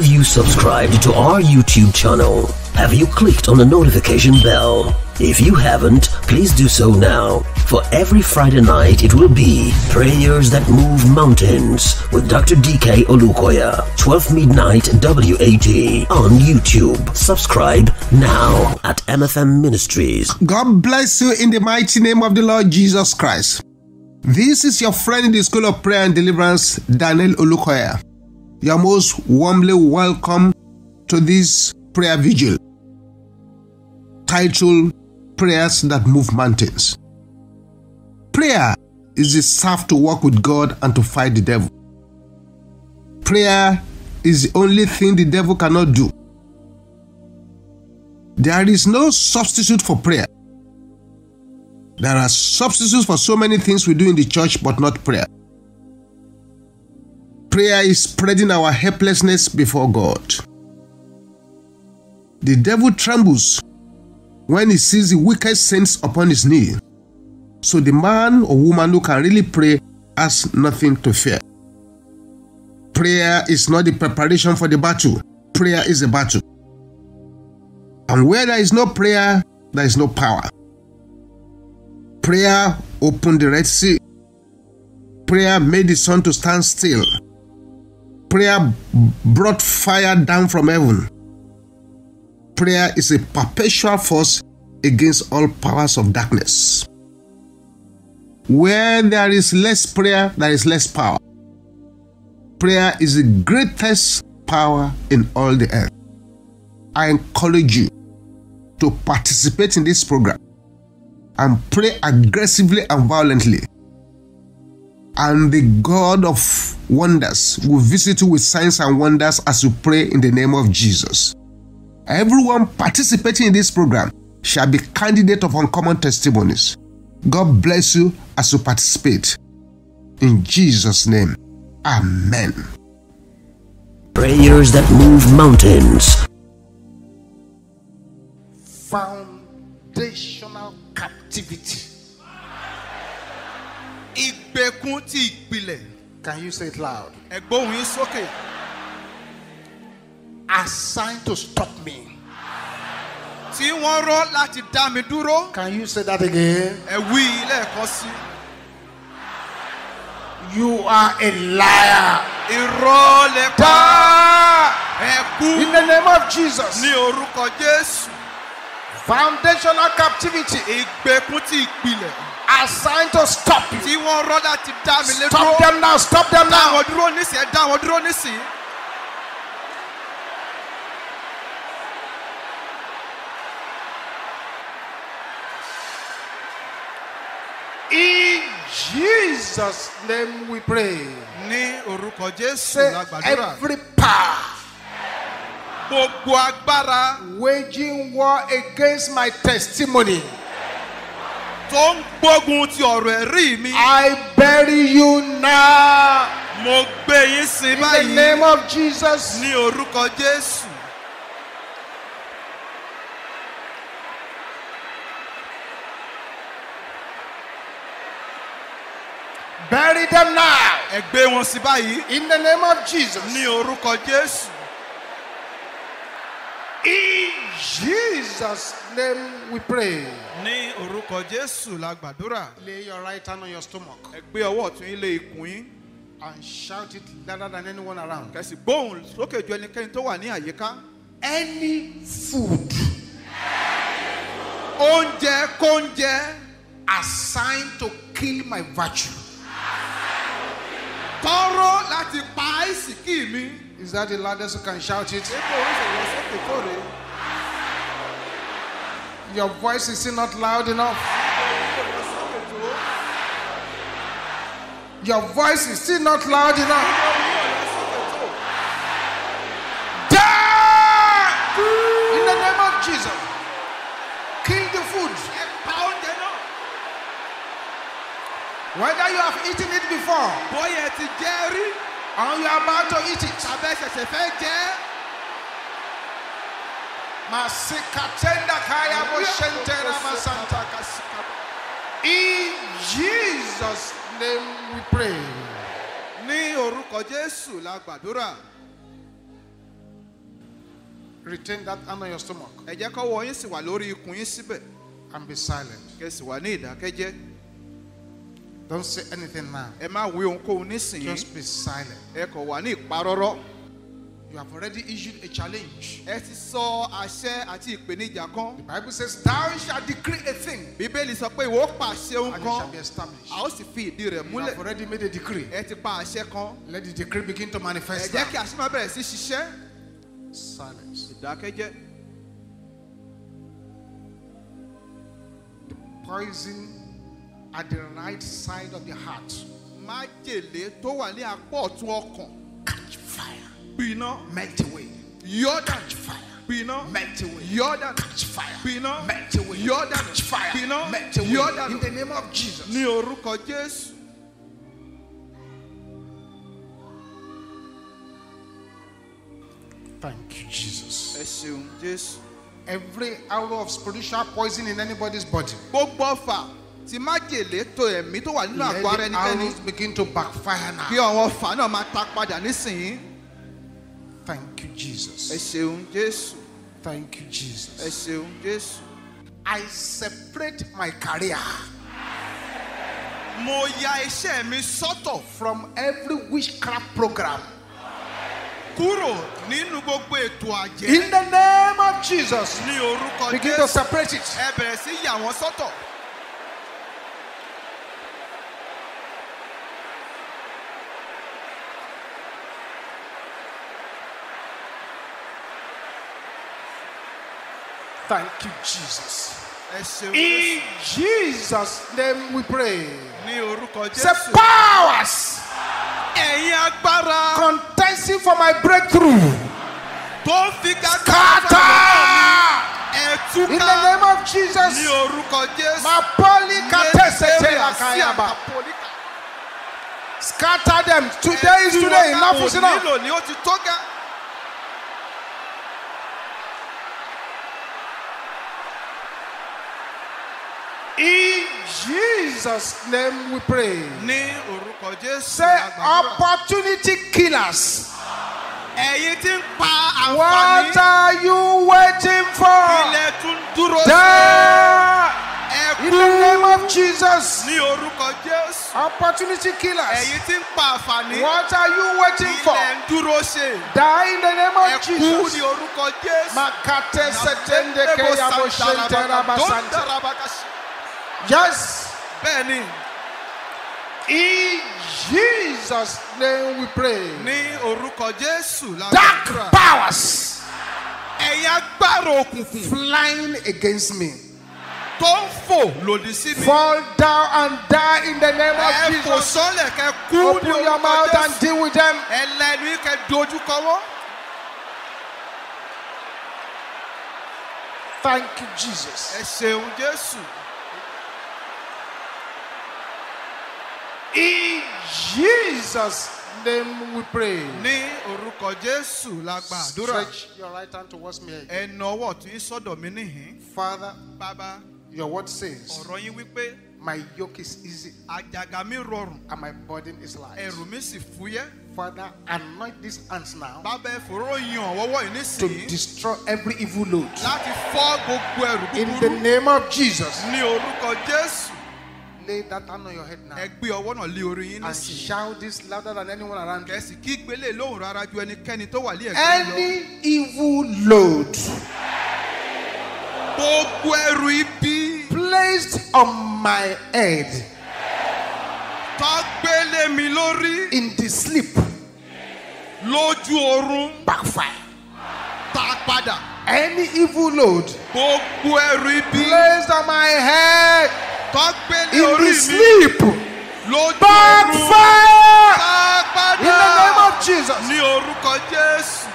Have you subscribed to our YouTube channel? Have you clicked on the notification bell? If you haven't, please do so now. For every Friday night, it will be Prayers That Move Mountains with Dr. DK Olukoya, 12 midnight WAT on YouTube. Subscribe now at MFM Ministries. God bless you in the mighty name of the Lord Jesus Christ. This is your friend in the School of Prayer and Deliverance, Daniel Olukoya. You are most warmly welcome to this prayer vigil titled Prayers That Move Mountains. Prayer is the staff to work with God and to fight the devil. Prayer is the only thing the devil cannot do. There is no substitute for prayer. There are substitutes for so many things we do in the church, but not prayer. Prayer is spreading our helplessness before God. The devil trembles when he sees the wicked saints upon his knee. So the man or woman who can really pray has nothing to fear. Prayer is not the preparation for the battle. Prayer is a battle. And where there is no prayer, there is no power. Prayer opened the Red Sea. Prayer made the sun to stand still. Prayer brought fire down from heaven. Prayer is a perpetual force against all powers of darkness. Where there is less prayer, there is less power. Prayer is the greatest power in all the earth. I encourage you to participate in this program and pray aggressively and violently and the God of wonders will visit you with signs and wonders as you pray in the name of Jesus. Everyone participating in this program shall be candidate of uncommon testimonies. God bless you as you participate. In Jesus' name, Amen. Prayers that move mountains. Foundational captivity Ìgbèkùn ti ìpìlẹ̀. Can you say it loud? Ẹ gbóhùn yín sókè. Assigned to stop me. Tí wọ́n rọ́ láti dá mi dúró. Can you say that again? Ẹ wí lẹ́ẹ̀kan sí. You are a liar. Irọ́ lẹ pa. Ẹ In the name of Jesus. Ní orúkọ Jésù. Foundational captivity. Ìgbèkùn ti ìpìlẹ̀. assigned to stop you. tí wọ́n rọ́dà stop them now stop them now. dá wọn dúró nísì ẹ dá wọn dúró nísì. In Jesus' name we pray. Ní Every power gbogbo waging war against my testimony. tó ń gbógun ti ọ̀rọ̀ ẹ̀rí mi. I bury you now. Mo gbé yín sí báyìí. In the name of Jesus. Ní orúkọ Jésù. Bury them now. Ẹ wọn sí báyìí. In the name of Jesus. Ní orúkọ Jésù. In Jesus' name we pray ní orúkọ jésù la gbàdúrà. lay your right hand on your stomach. ẹ gbé ọwọ́ ọ̀tún yín lé ikùn yín. and shout it louder than anyone around. kẹ̀sì gbóhùn sókè ju ẹnikẹ́ni tó wà ní àyíká. any food. oúnjẹ kóúnjẹ. assigned to kill my virtue. tọrọ láti pa àìsíkì mi. is that the loudest you can shout it. ṣé kò ń sọ̀rọ̀ sókè kóre. Your voice is still not loud enough. Your voice is still not loud enough. In the name of Jesus, kill the food. Whether you have eaten it before, or you are about to eat it. In Jesus' name we pray. Ní orúkọ Jésù la gbàdúrà. Retain that hand your stomach. Ẹ jẹ́ kọ́wọ́ yín sì wà lórí ikùn yín síbẹ̀. And be silent. Kẹ̀sì wà ní ìdákẹ́jẹ́. Don't say anything now. Ẹ má wí ohunkóhun nísìnyí. Just be silent. Ẹ kọ̀ wà ní ìparọ́rọ́. You have already issued a challenge. Ẹ ti sọ àṣẹ àti ìpèníjà kan. The Bible says thou shalt declare a thing. Bíbélì sọ pé ìwọ pàṣẹ ohun kan. And it shall be established. A ó sì fi ìdí rẹ̀ múlẹ̀. You have already made a decree. Ẹ ti pa àṣẹ kan. Let the decree begin to manifest now. Ẹ jẹ́ kí àṣẹ bẹ̀rẹ̀ sí ṣiṣẹ́. Silence. Ìdákẹ́jẹ́. The poison at the right side of the heart. Májèlé tó wà ní apá ọ̀tún ọkàn. Catch fire. Be not melt away. Your catch fire. Be not melt away. Your that catch fire. Be not melt away. Your that catch fire. Be not melt away. Your that in the name of Jesus. Ní orúkọ Jesus. Thank you, Jesus. Ẹ ṣeun Jésù. Every arrow of spiritual poison in anybody's body. Gbogbo ọfà ti májèlé to ẹ̀mí tó wà nínú àgọ́ ara ẹnikẹ́ni. Let the arrows begin to backfire now. Kí àwọn ọfà náà máa ta padà nísìnyí. Thank you, Jesus. Ẹ̀ṣeun Jesus. Thank you, Jesus. Ẹ̀ṣeun Jesus. I separate my career. Mo ya iṣẹ́ mi sọ́tọ̀ from every witchcraft program. Kúrò nínú gbogbo ètò àjẹ́. In the name of Jesus. Ní orúkọ Jésù. Begin to separate it. Ẹ bẹ̀rẹ̀ sí yà wọ́n sọ́tọ̀. Thank you, Jesus. In Jesus' name we pray. The powers contesting for my breakthrough. Scatter! In the name of Jesus. Scatter them. Today is today. In Jesus' name we pray. Say opportunity killers. What are you waiting for? Ilẹ̀ In the name of Jesus. Opportunity killers. What are you waiting for? Die in the name of Jesus. Don't Yes. Bẹ́ẹ̀ni. In Jesus' name we pray. Dark powers. Flying against me. Fall down and die in the name of Jesus. Open your mouth and deal with them. Ẹlẹ́nu kẹ dojú you, wọ́n. Thank you, Jesus. In Jesus' name we pray. Stretch your right hand towards me. Ẹ Father. Bàbá. Your word says. My yoke is easy. And my burden is light. Father, anoint these hands now. To destroy every evil load. In the name of Jesus. Lay that hand on your head now. Ẹ ọwọ́ náà lé orí yín nísìnyí. And shout this louder than anyone around you. Kẹ̀sì kí gbélé lóhùn rárá ju ẹnikẹ́ni tó wà lé ẹ̀gbẹ́ lọ. Any evil load. Gbogbo ẹrù ibi. Placed on my head. Tó gbélé mi lórí. In the sleep. Lójú oorun. Backfire. Ta padà. Any evil load. Gbogbo ẹrù ibi. Placed on my head in his sleep backfire in the name of Jesus.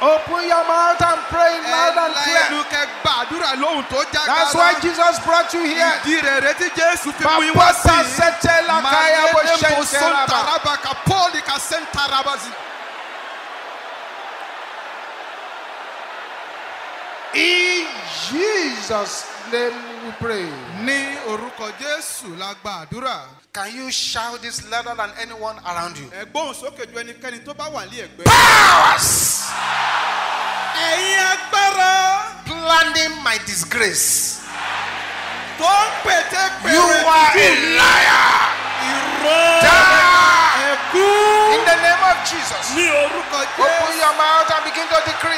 Open your mouth and pray loud and clear. Ẹ̀la ẹnu kẹ gbàdúrà That's why Jesus brought you here. Ìdí In Jesus' name we pray. Ní orúkọ Jésù lagba àdúrà. Can you shout this louder than anyone around you? Ẹ̀gbọ́n sókè ju ẹnikẹ́ni tó bá wà ní ẹ̀gbẹ́. Powers! Ẹ̀yin agbára. Planning my disgrace. Tó ń pète pèrè. You are a liar. In the name of Jesus. Open your mouth and begin to decree.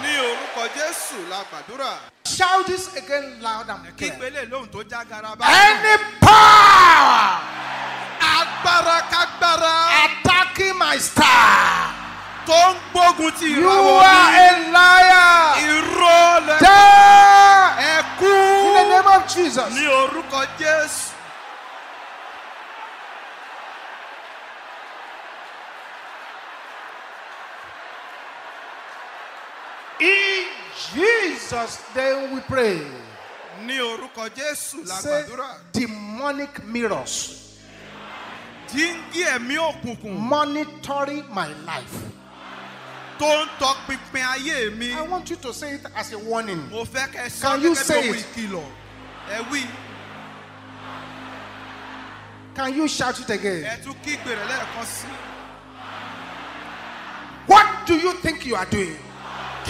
Ní orúkọ Jésù la gbàdúrà. Shout this again loud and clear. Kígbélé lóhùn tó já garaba. Any power. Agbára kágbára. Attacking my star. Tó ń gbógun ti ìràwọ̀ mi. You are a liar. Irọ́ lẹ́kọ̀ọ́. Ẹ In the name of Jesus. Ní orúkọ Jésù. Jesus' name we pray. Say demonic mirrors. Monitoring my life. Don't talk. ayé mi. I want you to say it as a warning. Can you say it? Can you shout it again? What do you think you are doing?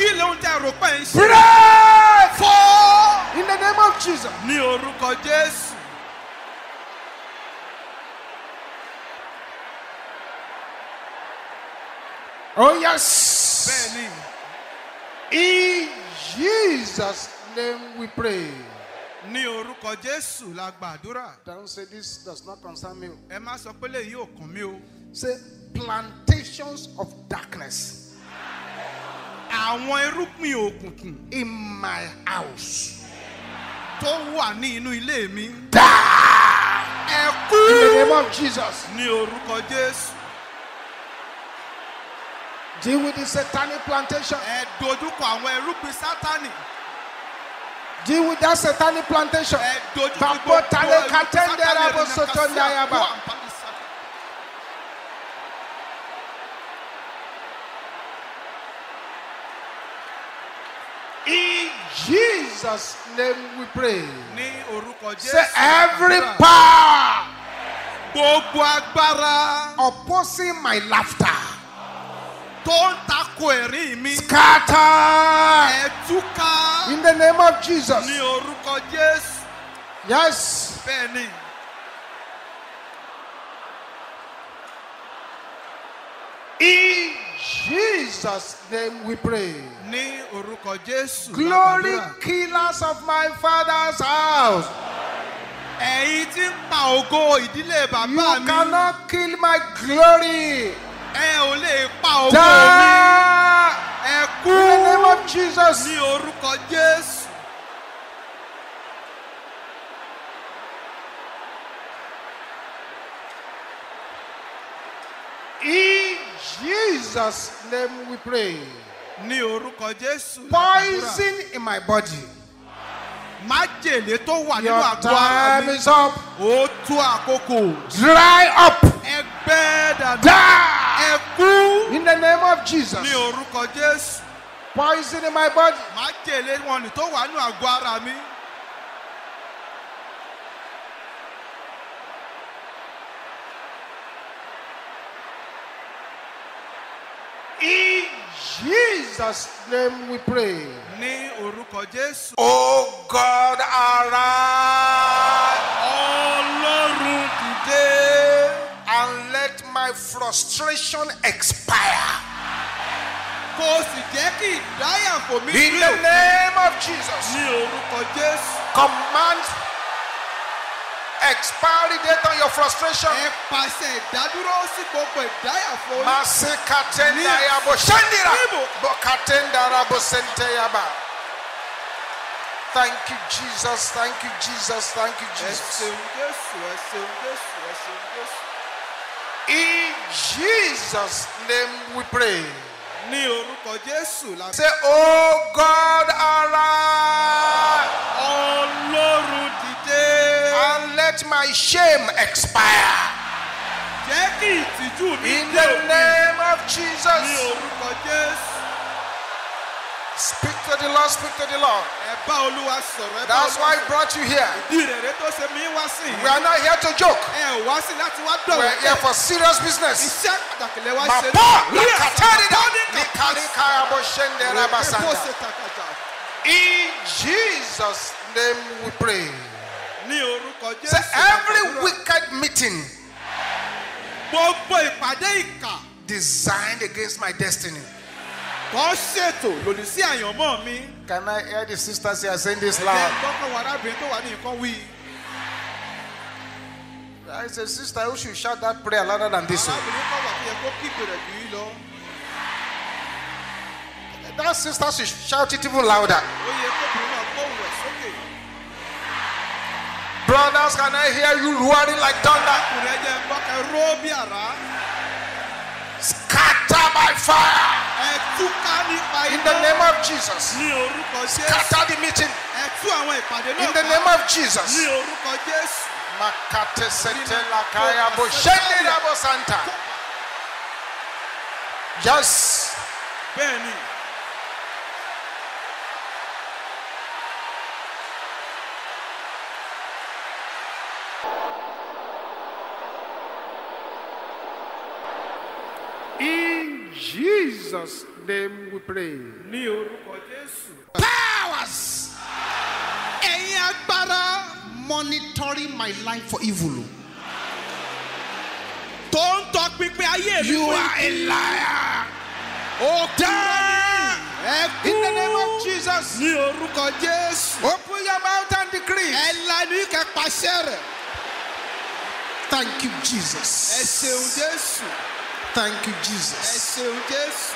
Pray for in the name of Jesus. ní orúkọ Jésù. oh yes. bẹ́ẹ̀ni. in Jesus name we pray. Ní orúkọ Jésù la gbàdúrà. Don't say this does not concern me. Ẹ má sọ pé lè yí òkun mi o. Say plantations of darkness àwọn irúgbìn òkùnkùn. in my house. tó wà ní inú ilé mi. ẹ kú. in the name of Jesus. ní orúkọ Jésù. deal with the satanic plantation. ẹ dojúkọ àwọn irúgbìn sátani. Deal with that satanic plantation. Bambo tale katendera bosoto ndayaba. Jesus' name we pray. Say every power opposing my laughter. tó ń takò ẹ̀rín scatter. in the name of Jesus. yes. bẹ́ẹ̀ in Jesus' name we pray. Ní orúkọ Jésù. Glory killers of my father's house. Ẹ̀yin tí ń pa ògo ìdílé bàbá mi. You cannot kill my glory. Ẹ ò lè pa ògo mi. Ẹ kú. In the name of Jesus. Ní orúkọ Jésù. Jesus' name we pray. Ní orúkọ Jésù. Poison in my body. Májèlé tó wà nínú àgọ́ ara mi. Your time is up. O tú àkókò. Dry up. Ẹgbẹ́ dàdú. Die. Ẹkú. In the name of Jesus. Ní orúkọ Jésù. Poison in my body. Májèlé wọ̀nì tó wà nínú àgọ́ ara mi. In Jesus' name we pray. Ní O God arise. And let my frustration expire. In the name of Jesus. Command expiry date on your frustration. ẹ pàṣẹ ìdádúró Thank you, Jesus. Thank you, Jesus. Thank you, Jesus. In Jesus' name we pray. say oh God arise. ọlọ́run di. And let my shame expire. In the name of Jesus. Speak to the Lord, speak to the Lord. That's why I brought you here. We are not here to joke. We're here for serious business. In Jesus' name we pray. ní orúkọ jésù. say every wicked meeting. gbogbo ìpàdé ìkà. designed against my destiny. kan ṣètò lòdì sí àyànmọ́ mi. can I hear the sisters here saying this loud. ẹgbẹ́ gbọ́kàn wà arábìnrin tó wà ní nǹkan wí. I say sister you should shout that prayer louder than this one. that sister should shout it even louder. Brothers, can I hear you roaring like thunder? Scatter by fire. In the name of Jesus. Scatter the meeting. In the name of Jesus. Makate sete lakaya bo shende rabo santa. Yes. Benny. Jesus' name we pray. Powers! Ẹ̀yin monitoring my life for evil. Don't talk pínpín ayé mi You are a liar. Okay. kúrò In the name of Jesus. Ní Open your mouth and decree. Ẹ lanu ikẹ̀ Thank you, Jesus. Thank you, Jesus.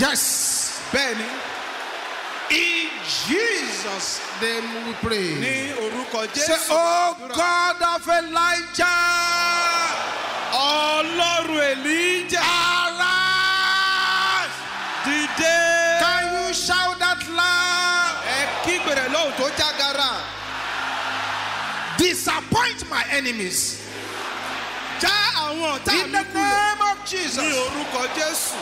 Yes. Bẹ́ẹ̀ In Jesus' name we pray. Ní orúkọ Jésù. Say, O oh God of Elijah. Ọlọ́run Elijah. Arise. Dìde. Can you shout that loud? Ẹ kígbèrè lóhùn tó jágara. Disappoint my enemies. Já àwọn ọ̀tá mi In the name of Jesus. Ní orúkọ Jésù.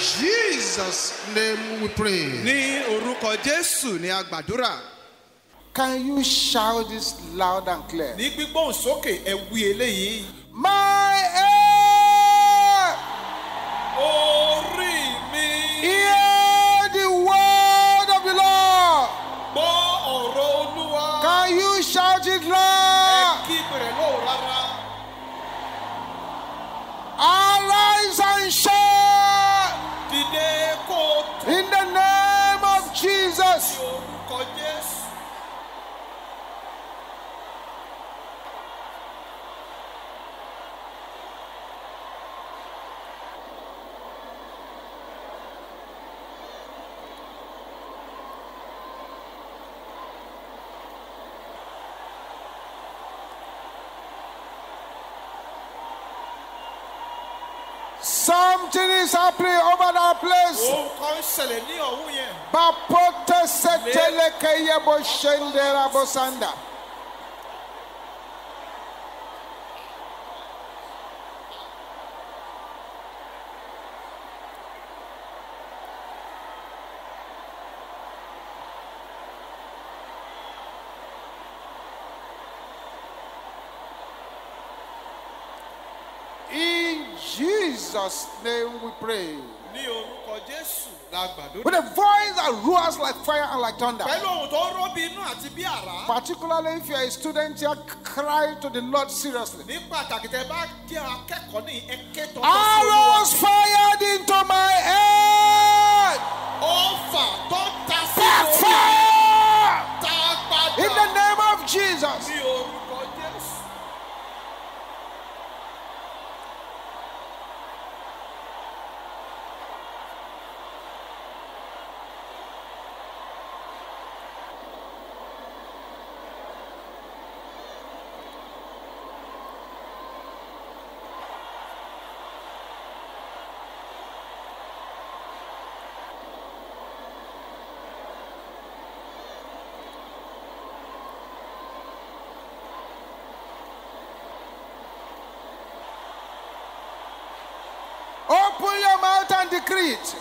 Jesus' name we pray. Ní orúkọ Jésù ni a gbàdúrà. Can you shout this loud and clear? Ní gbígbóhùn sókè ẹ wí eléyìí. My Something is happening over that place. Oh, Bapotese telekeye boshende rabosanda. Jesus' name we pray. With a voice that roars like fire and like thunder. Particularly if you are a student here, cry to the Lord seriously. Arrows fired into my head. Backfire! In the name of Jesus. Open your mouth and decree it.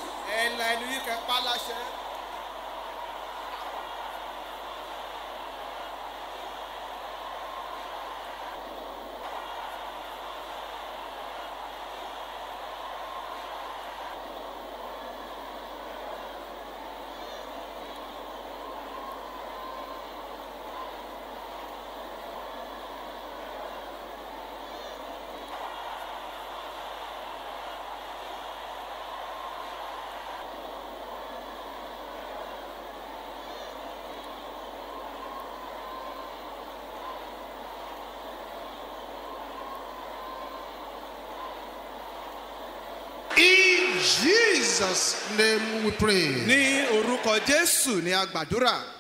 Jesus' name we pray. Ní orúkọ Jésù ni a gbàdúrà.